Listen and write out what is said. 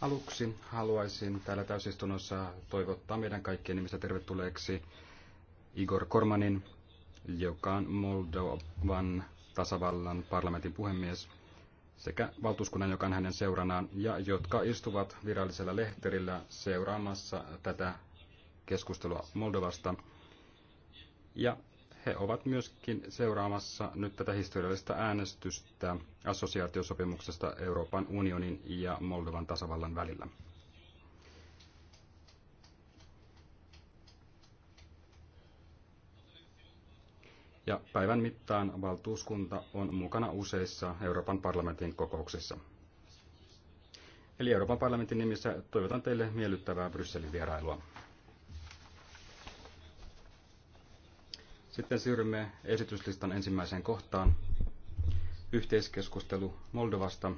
Aluksi haluaisin täällä täysistunnossa toivottaa meidän kaikkien nimistä tervetulleeksi Igor Kormanin, joka on Moldovan tasavallan parlamentin puhemies, sekä valtuuskunnan, joka on hänen seuranaan, ja jotka istuvat virallisella lehterillä seuraamassa tätä keskustelua Moldovasta. Ja he ovat myöskin seuraamassa nyt tätä historiallista äänestystä assosiaatiosopimuksesta Euroopan unionin ja Moldovan tasavallan välillä. Ja päivän mittaan valtuuskunta on mukana useissa Euroopan parlamentin kokouksissa. Eli Euroopan parlamentin nimissä toivotan teille miellyttävää Brysselin vierailua. Sitten siirrymme esityslistan ensimmäiseen kohtaan. Yhteiskeskustelu Moldovasta